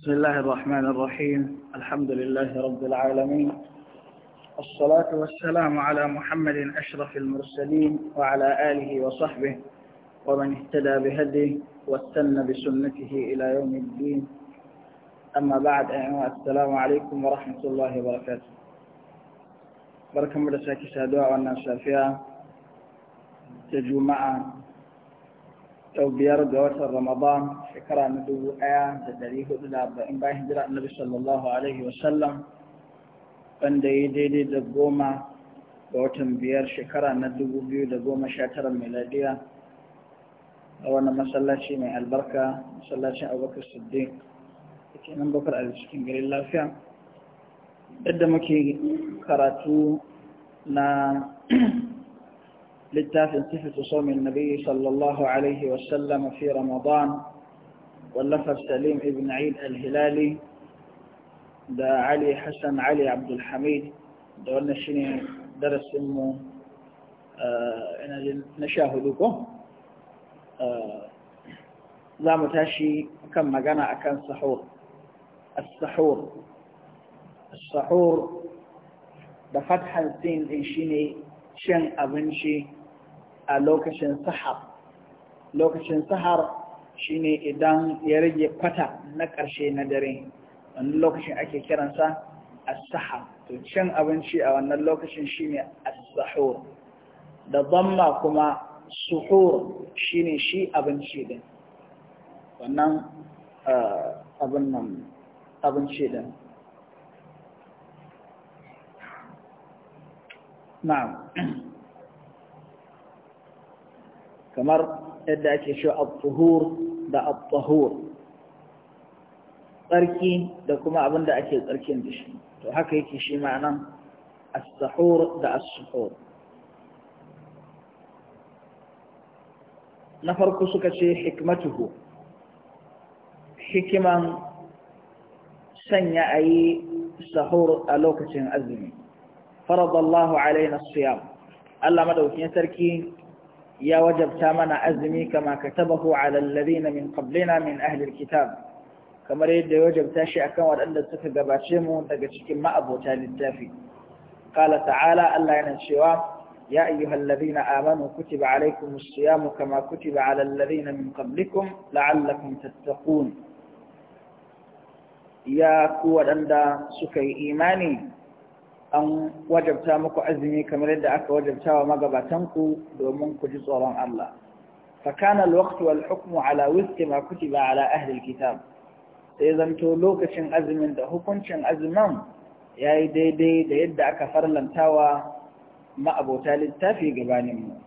بسم الله الرحمن الرحيم الحمد لله رب العالمين الصلاة والسلام على محمد أشرف المرسلين وعلى آله وصحبه ومن اهتدى بهديه واتن بسنته إلى يوم الدين أما بعد السلام عليكم ورحمة الله وبركاته بركة مدرسة كسادوة والناس فيها تجمع sau biyar ga watan Ramadan shekara na dubu ɗaya da ɗari hudu da arba'in bayan hijira annabi sallallahu alaihi sallam. wanda ya daidai da goma ga watan biyar shekara na dubu biyu da goma sha tara miladiya a wani masallaci mai albarka masallacin abubakar siddiq da ke nan bakar a cikin garin lafiya yadda muke karatu na للتاف انتفة صوم النبي صلى الله عليه وسلم في رمضان واللفظ سليم ابن عيد الهلالي دا علي حسن علي عبد الحميد دا شنو درس امه آه، انا نشاهدوكو لا آه، متاشي كم مقانا كان سحور السحور السحور بفتح فتح الدين انشيني شن ابنشي a lokacin sahar lokacin sahar shine idan ya rage kwata na ƙarshe na dare wani lokacin ake kiransa as-sahar to cin abinci a wannan lokacin shine as-sahur da zamma kuma suhur shine shi abinci din wannan eh, abin nan abinci din na'am kamar yadda ake shi al da al tsarki da kuma abin da ake tsarkin da shi to haka yake shi ma'anan as-sahur da as-suhur na farko suka ce hikmatuhu hikiman sanya a yi sahur a lokacin azumi faradallahu Allah alaina siyam Allah madaukin sarki يا وجب تامنا أزمي كما كتبه على الذين من قبلنا من أهل الكتاب كما يريد وجب تاشي أكام وأن السفق باتشمه تقشك ما أبو تالي التافي قال تعالى ألا ينشيوا يا أيها الذين آمنوا كتب عليكم الصيام كما كتب على الذين من قبلكم لعلكم تتقون يا قوة أن سكي إيماني an wajabta muku azumi kamar yadda aka wajabta wa magabatan ku domin ku ji tsoron Allah Fakanal alwaqtu wal hukmu ala wifqi ma kutiba ala ahli alkitab sai zanto lokacin azumin da hukuncin azumin yayi daidai da yadda aka farlantawa ma'abota littafi gabanin mu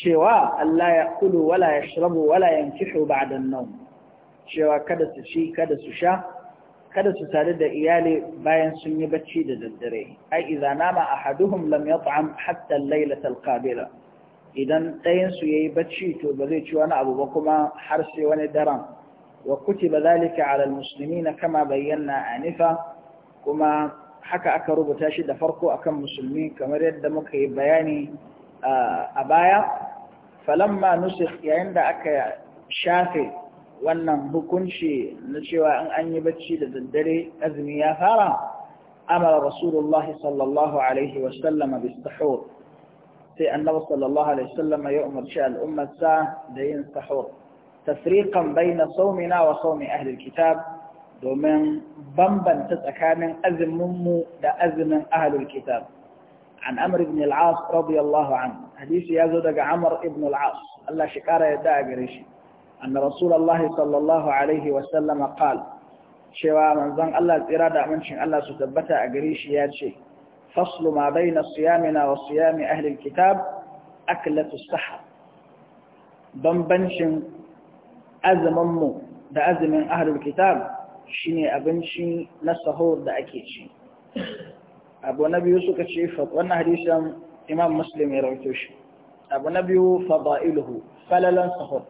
cewa Allah ya kulu wala yashrabu wala yankihu ba'da an-nawm cewa kada su ci kada su sha kada su sadu da iyali bayan sun yi bacci da daddare ai idza nama ahaduhum lam yat'am hatta al-lailata idan ɗayan ya yayi bacci to ba zai ci wani abu ba kuma har sai wani daren wa kutiba zalika ala musulmi na kama bayyana anifa kuma haka aka rubuta shi da farko akan musulmi kamar yadda muka yi bayani a baya falamma nusikh yayin da aka shafe wannan hukunci na cewa in an yi bacci da daddare azumi ya fara amara rasulullah sallallahu alaihi wasallama bis sahur sai annabi sallallahu alaihi wasallama ya umarci al'ummarsa da yin sahur tafriqan baina saumina wa saumi ahli kitab domin bambanta tsakanin azumin mu da azumin ahlul kitab عن عمرو بن العاص رضي الله عنه حديث يزود عمر بن العاص الله شكاره يدعى قريشي أن رسول الله صلى الله عليه وسلم قال شوى من ظن الله إرادة من شن الله ستبتع قريش ياتشي فصل ما بين صيامنا وصيام أهل الكتاب أكلة السحر بمبنشن أزممو دا أزم أهل الكتاب شيني أبنشي نسهور دا أكيشي أبو نبي يوسف الشيف وانا حديثا إمام مسلم يرويتوش أبو نبي فضائله فللا سهور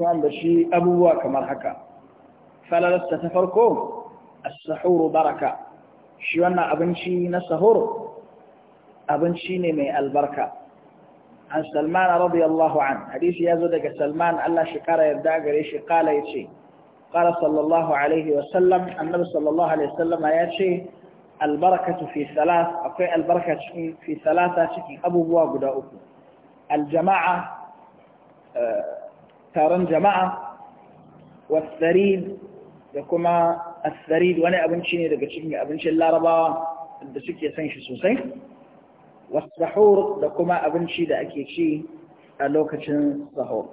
sun da shi abubuwa kamar haka falalasta ta farko as-sahuru baraka shi wannan abinci na sahur abinci ne mai albarka an salman radiyallahu an hadisi ya zo daga salman Allah shi kara yarda gare shi kala yace kara صلى الله عليه وسلم النبي صلى الله عليه وسلم ياتي البركة في ثلاث أقوى البركة في ثلاثة شكي أبو بوا قد أكو الجماعة taron jama'a wasarid da kuma asarid wani abinci ne daga cikin abincin larabawa da suke son shi sosai wasahur da kuma abinci da ake ci a lokacin sahur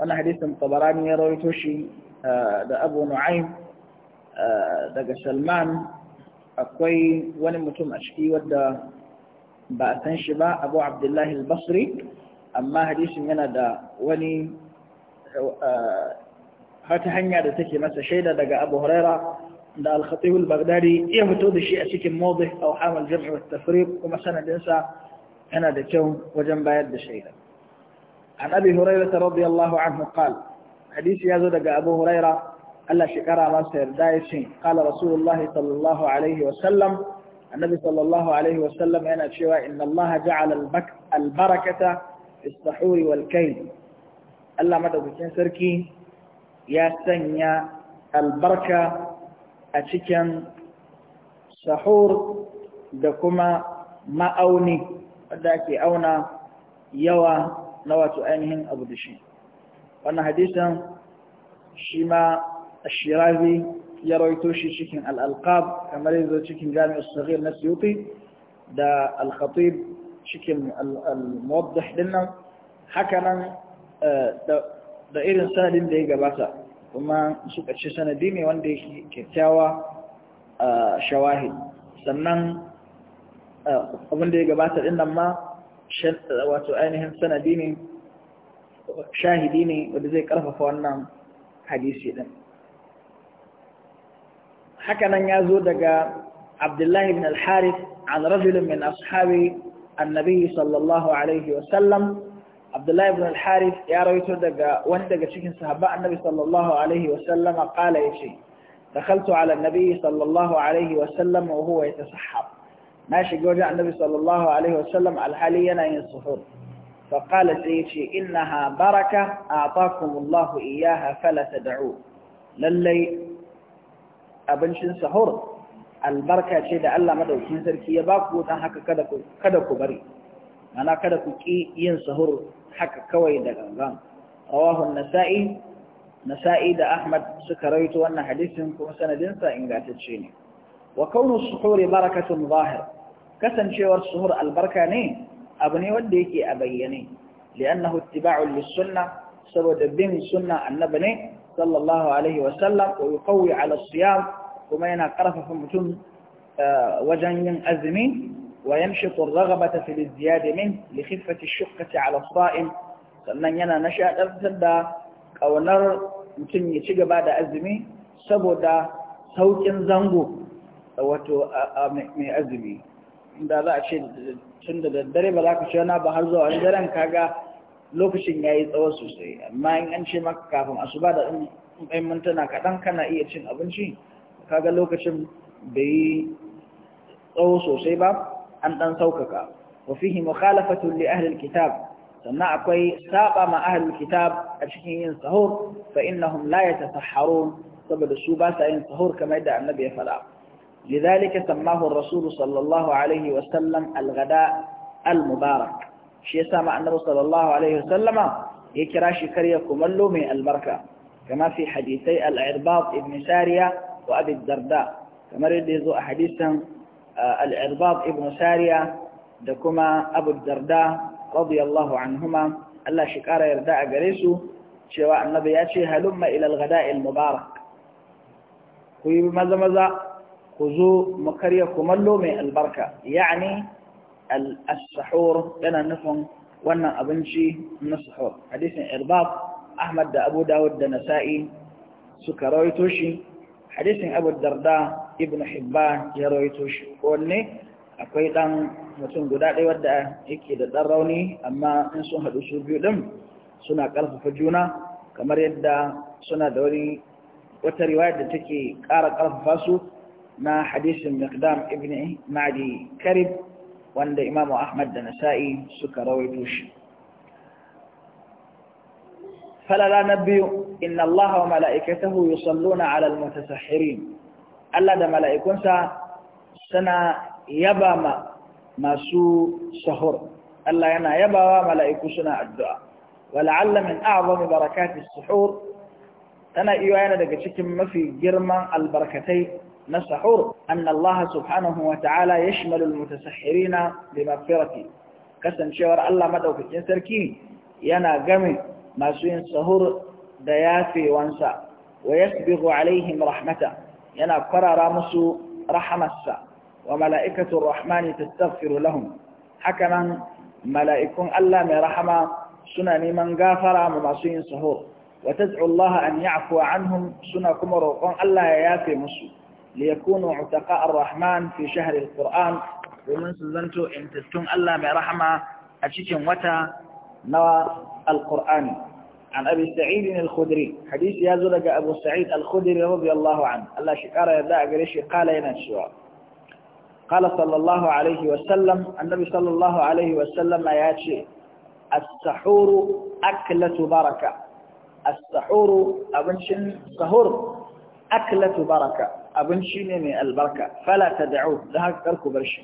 wannan hadisin tabarani ya rawaito shi eh, da abu nu'aym eh, daga salman akwai wani mutum a ciki wadda ba a san shi ba abu abdullahi al-basri amma hadisin yana da wani hata hanya da take masa shaida daga abu huraira da al-khatib al-baghdadi ya fito da shi a cikin mawdih aw hamal jam' wa tafriq kuma sanadin sa yana da kyau wajen bayar da shaida an abi huraira radiyallahu anhu qala hadisi yazo daga abu huraira Allah shi kara masa yarda ya ce qala rasulullah sallallahu alaihi wa sallam annabi sallallahu alaihi wa sallam yana cewa inna allaha ja'ala al-barakata fi as-suhuri wal-kayd Allah madaukakin sarki ya sanya albarka a cikin sahur da kuma ma'auni wadda ake auna yawa na wato ainihin abu da shi wannan hadisan shi ma ashirazi ya rawaito shi cikin al'alqab kamar yanzu cikin jami'ar sahir na siyuti da al-khatib cikin al-muwaddah dinnan hakanan da irin sanadin da ya gabata kuma suka ce sanadi ne wanda yake kyakkyawa shawahid sannan abin ya gabata din nan ma wato ainihin sanadi ne shahidi ne wanda zai karfafa wannan hadisi din hakanan ya zo daga abdullahi bin al-harith an rajulin min ashabi annabi sallallahu alaihi wasallam عبد الله بن الحارث يا رويت دقا وندق شكن صحابة النبي صلى الله عليه وسلم قال يا يشي دخلت على النبي صلى الله عليه وسلم وهو يتسحب ماشي قوجع النبي صلى الله عليه وسلم على أنا ينصحون فقالت يشي إنها بركة أعطاكم الله إياها فلا تدعو للي أبنشن صحور البركة شيدة ألا مدعو كنسر كي يباكو تنحك كدكو, كدكو بري أنا كذا كي ينصهر haka kawai da gangan rawahun nasa'i nasa'i da ahmad suka rawaito wannan hadisin kuma sanadinsa ingantacce ne wa kaunu suhuri barakatun zahir kasancewar suhur albarka ne abu ne wanda yake a bayyane li'annahu ittiba'un lis-sunnah saboda bin sunna annabi ne sallallahu alaihi wa sallam wa yuqawi ala siyam kuma yana karfafa mutum eh, wajen yin azumi ويمشط الرغبة في الازدياد منه لخفة الشقة على الصائم sannan yana nashaɗartar da ƙaunar mutum ya ci gaba da azumi saboda sauƙin zango wato mai azumi inda za a ce tun da daddare ba za ka ce wani ba har zuwa wani daren kaga lokacin ya yi tsawo sosai amma in an ce maka kafin asuba da ɗan mintuna kaɗan kana iya cin abinci kaga lokacin bai yi tsawo sosai ba an ɗan saukaka wa fihi mukhalafatun li ahlil kitab sannan akwai saba ma ahlil kitab a cikin yin sahur fa innahum la yatasahharun saboda su ba sa yin sahur kamar da annabi ya faɗa لذلك سماه الرسول صلى الله عليه وسلم الغداء المبارك شيء سمع النبي صلى الله عليه وسلم يكراش كريا كملو من البركة كما في حديثي العرباط ابن سارية وأبي الدرداء كما رد يزوء حديثا آه، العرباض ابن سارية دكما أبو الدرداء رضي الله عنهما الله شكار يرداء قريسو شواء أشي هلما إلى الغداء المبارك قوي بمزا مزا خذوا مكرية كملومي البركة يعني السحور لنا نفهم وانا أبنشي من السحور حديث إرباط أحمد دا أبو داود دا نسائي سكرويتوشي حديث أبو الدرداء ibn hibban ya rawaito shi wanne akwai dan mutum guda ɗaya wadda yake da ɗan rauni amma in sun haɗu su biyu ɗin suna ƙarfafa juna kamar yadda suna da wani wata riwaya da take ƙara ƙarfafa su na hadisin miqdam ibn madi karib wanda imam ahmad da nasa'i suka rawaito shi falala na biyu inna allaha wa mala'ikatahu yusalluna ala al-mutasahhirin Allah da mala'ikunsa suna yaba ma masu sahur Allah yana yabawa mala'iku suna addu'a wala'alla min a'azami barakati sahur tana iya yana daga cikin mafi girman albarkatai na sahur an Allah subhanahu wa ta'ala ya shimalul mutasahirina bi mafirati kasancewar Allah maɗaukakin sarki yana game masu yin sahur da yafewansa wa yasbigu alaihim rahmata yana kwarara musu rahamarsa wa mala'ikatu rahmani tastaghfiru lahum haka nan mala'ikun Allah mai rahama suna neman gafara mu masu yin sahur wa tad'u Allah an ya'fu anhum suna kuma roƙon Allah ya yafe musu li yakunu utaqa ar-rahman fi shahri al domin su zanto intattun Allah mai rahama a cikin wata na al-qur'ani عن أبي سعيد الخدري حديث يا يازلك أبو سعيد الخدري رضي الله عنه الله شكرا يدعى قريش قال الشوع قال صلى الله عليه وسلم النبي صلى الله عليه وسلم ياتي السحور أكلة بركة السحور أبنشن سهور أكلة بركة أبنشن من البركة فلا تدعوه ذهك تركوا برشي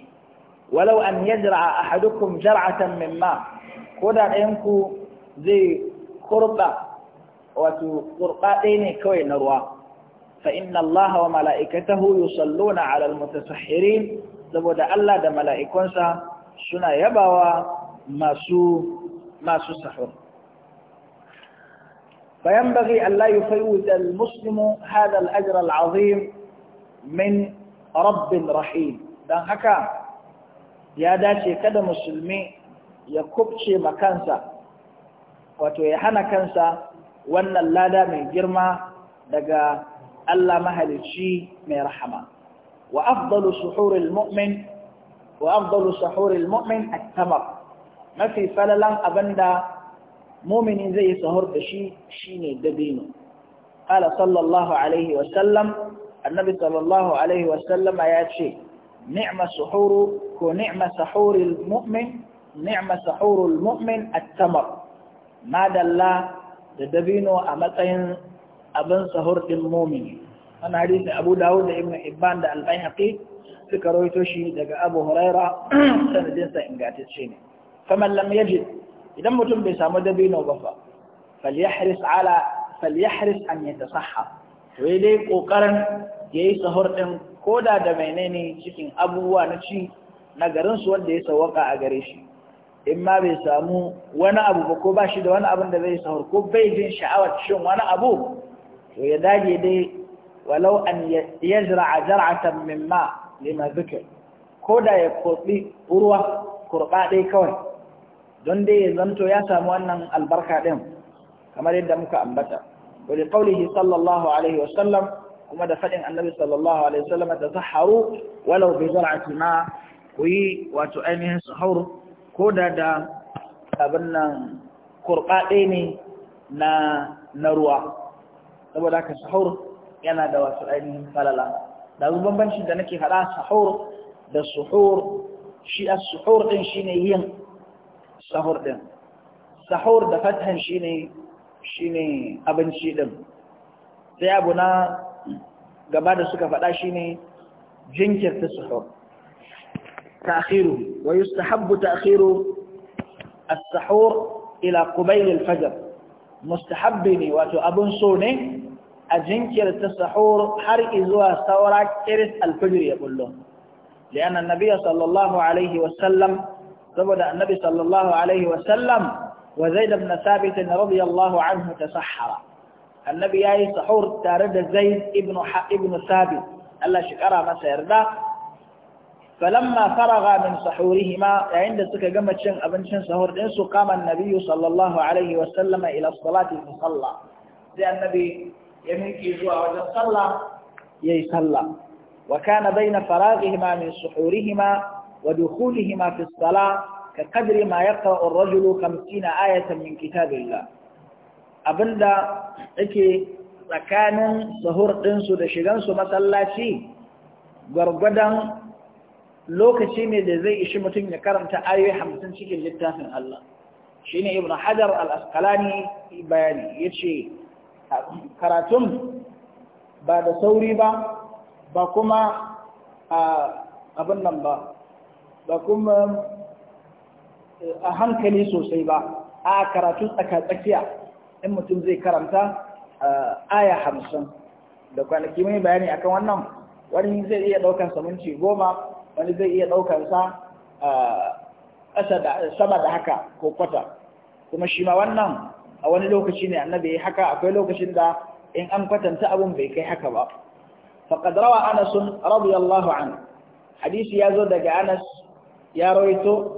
ولو أن يزرع أحدكم زرعة من ماء خذ أنكو زي qurba wato qurba ɗaya ne kawai na ruwa fa inna wa mala'ikatahu yusalluna 'ala alal mutasahirin saboda Allah da mala'ikonsa suna yabawa masu masu sahur فينبغي allah لا يفوت المسلم هذا الأجر العظيم min رب rahim دان haka ya dace كذا musulmi ya kubce makansa wato ya hana kansa wannan lada mai girma daga Allah mahalicci mai rahama wa afdalu suhuril mu'min wa afdalu suhuril mu'min at-tamar mafi falalan abinda mumini zai yi sahur da shi shine dabino qala sallallahu alaihi wa sallam annabi sallallahu alaihi wa sallama ya ce ni'ma suhuru ko ni'ma sahuril mu'min ni'ma sahurul mu'min at-tamar madalla da dabino a matsayin abin sahur din mumini wani hadisi abu dawud da ibn ibban da al haqi suka rawaito shi daga abu huraira sanadinsa sa ingantacce ne faman lam yajid idan mutum bai samu dabino ba fa falyahris ala falyahris an yatasahha to dai kokarin yayi sahur din koda da menene cikin abubuwa na ci na garin su wanda ya sawaka a gare shi in ma bai samu wani abu ba ko ba shi da wani abin da zai sahur ko bai jin sha'awar shin wani abu to ya dage dai walau an yazra'a zar'atan mimma lima zikr ko da ya kotsi ruwa kurba kawai don dai ya zanto ya samu wannan albarka ɗin kamar yadda muka ambata wa li qawlihi sallallahu alaihi wa kuma da fadin annabi sallallahu alaihi wa sallam tazahharu walau bi zar'ati ma ku yi wato ainihin sahur ko da da abin nan kurɓaɗe ne na na ruwa saboda haka sahur yana da wasu ainihin falala da zuwan bambancin da nake faɗa sahur da suhur shi a suhur ɗin shi yin sahur ɗin sahur da fatan shi ne abinci ɗin sai abu na gaba da suka faɗa shine jinkirta suhur. تأخيره ويستحب تأخير السحور إلى قبيل الفجر مستحبني وتأبن سوني أجنكر التسحور حر إزوى سورك كرس الفجر يقول له لأن النبي صلى الله عليه وسلم تبدأ النبي صلى الله عليه وسلم وزيد بن ثابت رضي الله عنه تسحر النبي أي سحور تارد زيد ابن, ابن ثابت الله شكرا ما سيرده falamma faraga min sahurihima yayin da suka gama cin abincin sahur din su kama annabi sallallahu alaihi wa sallama ila salati fi salla sai annabi ya miƙe zuwa wajen sallah yayi sallah wa kana baina faragihima min suhurihima wa dukhulihima fi salah كقدر ما يقرأ الرجل خمسين آية من كتاب الله أبدا إكي مكان سهور إنسو دشيغنسو masallaci غرغدا lokaci ne da zai ishi mutum ya karanta ayoyi hamsin cikin littafin Allah shi ne ibn hajar asqalani bayani ya ce karatun ba da sauri ba ba kuma abin nan ba ba kuma a hankali sosai ba a karatu tsaka-tsakiya in mutum zai karanta aya hamsin da kwanaki mai bayani akan wannan wani zai iya ɗaukar samunci goma wani zai iya ɗaukansa sama da haka ko kwata kuma shi ma wannan a wani lokaci ne annabi ya haka akwai lokacin da in an kwatanta abun bai kai haka ba faqad rawa anas radiyallahu anhu hadisi ya zo daga anas ya rawaito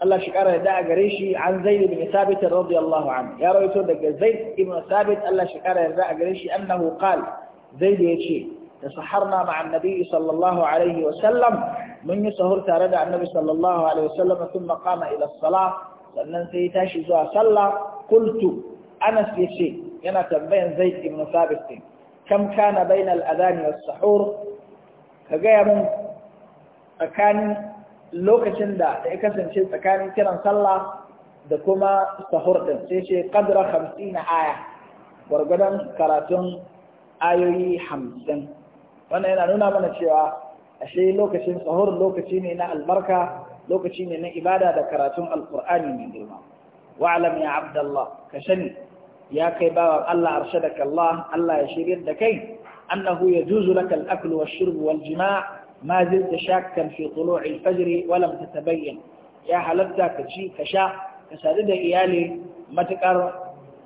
Allah shi kara da gare shi an zaid ibn sabit radiyallahu anhu ya rawaito daga zaid ibn sabit Allah shi kara da gare shi annahu qala ya yace da saharna ma'an nabi sallallahu alaihi wasallam mun yi sahur tare da annabi sallallahu alaihi wasallam sun makama ila sala sannan sai tashi zuwa sallah kultu anas ya yana tambayan zaid ibn sabit din kam kana bainal adani was sahur ka gaya mun tsakanin lokacin da ya kasance tsakanin kiran sallah da kuma sahur din sai ce qadra 50 aya gwargwadon karatun ayoyi hamsin wannan yana nuna mana cewa ashe lokacin sahur lokaci ne na albarka lokaci ne na ibada da karatun alkur'ani mai girma wa'lam ya abdallah ka shani ya kai bawa Allah da Allah Allah ya shirin da kai annahu yajuzu laka al-akl wash-shurb wal-jima' ma zilta shakkan fi tulu' fajri wa lam ya halatta ka ci ka sha ka sadu da iyali matukar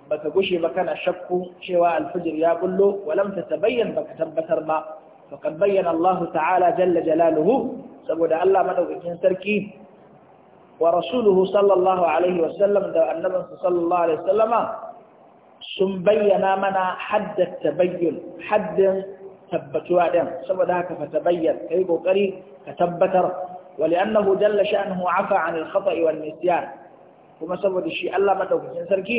baka gushe ba kana shakku cewa alfajir ya bullo walam ta tabayyan baka tabbatar ba faqad bayyana Allah ta'ala jalla jalaluhu saboda Allah madaukakin sarki wa rasuluhu sallallahu alaihi wa sallam da annabinsa sallallahu alaihi wa sallama sun bayyana mana hadda tabayyun haddin tabbatuwa ɗin saboda haka fa tabayyan kai kokari ka tabbatar annahu ولأنه جل afa عفى عن الخطأ والنسيان kuma saboda shi Allah madaukakin sarki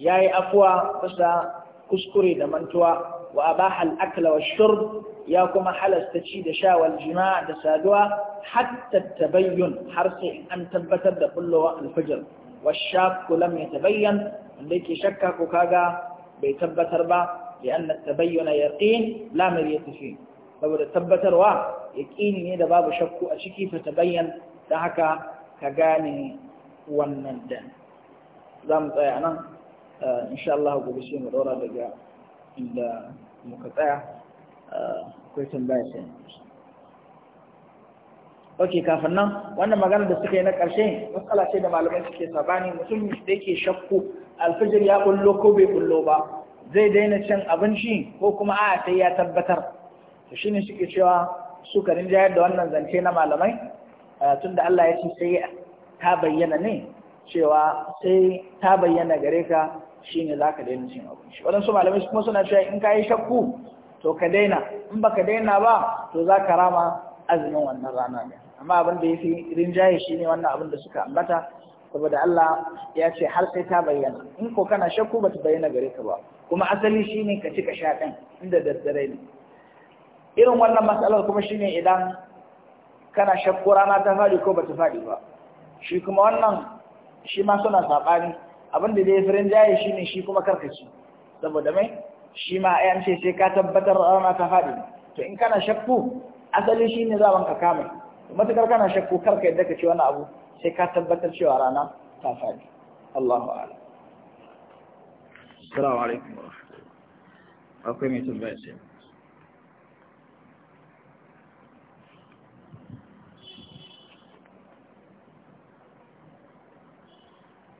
yayi afwa kusa kuskure da mantuwa وأباح الأكل والشرب ياكم حل تشيد شا والجماع تسادوا حتى التبين حرص أن تبتد كل الفجر والشاك لم يتبين لك شكك كاقا بيتبتر با لأن التبين يقين لا مرية فيه فبدا تبتر وا يقيني نيدا باب شك أشكي فتبين دهكا كاقاني ونمدان ذا متأي آه، إن شاء الله قبسين ودورا بقى inda muka tsaya uh, akwai tambaya sai ok kafin nan wannan magana da suka yi na ƙarshe matsala ce da malamai suke sabani mutum da yake shakku alfijir ya kullo ko bai kullo ba zai daina cin abinci ko kuma a sai ya tabbatar to shine suke cewa su ka jayar da wannan zance na malamai uh, Tun da Allah ya ce sai ta bayyana ne cewa sai ta bayyana gare ka Shi ne za ka daina cin abinci waɗansu malamai kuma suna cewa in ka yi shakku to ka daina in ba ka daina ba to za ka rama azumin wannan rana ne amma abin da ya fi rinjaye ne wannan abin da suka ambata saboda Allah ya ce har sai ta bayyana in ko kana shakku ba ta bayyana gare ka ba kuma asali shi ne ka ci ka sha ɗin inda daddare ne irin wannan matsalar kuma ne idan kana shakku rana ta faɗi ko ba ta faɗi ba shi kuma wannan shi ma suna saɓani abin da zai firin jaye shi ne shi kuma karkaci saboda mai shi ma a ce sai ka tabbatar rana ta faɗi to in kana shakku asali shi ne zaɓen ka kame matuƙar kana shakku karka yadda ka ce wani abu sai ka tabbatar cewa rana ta faɗi Allahu ala Assalamu alaikum akwai mai tambaya sai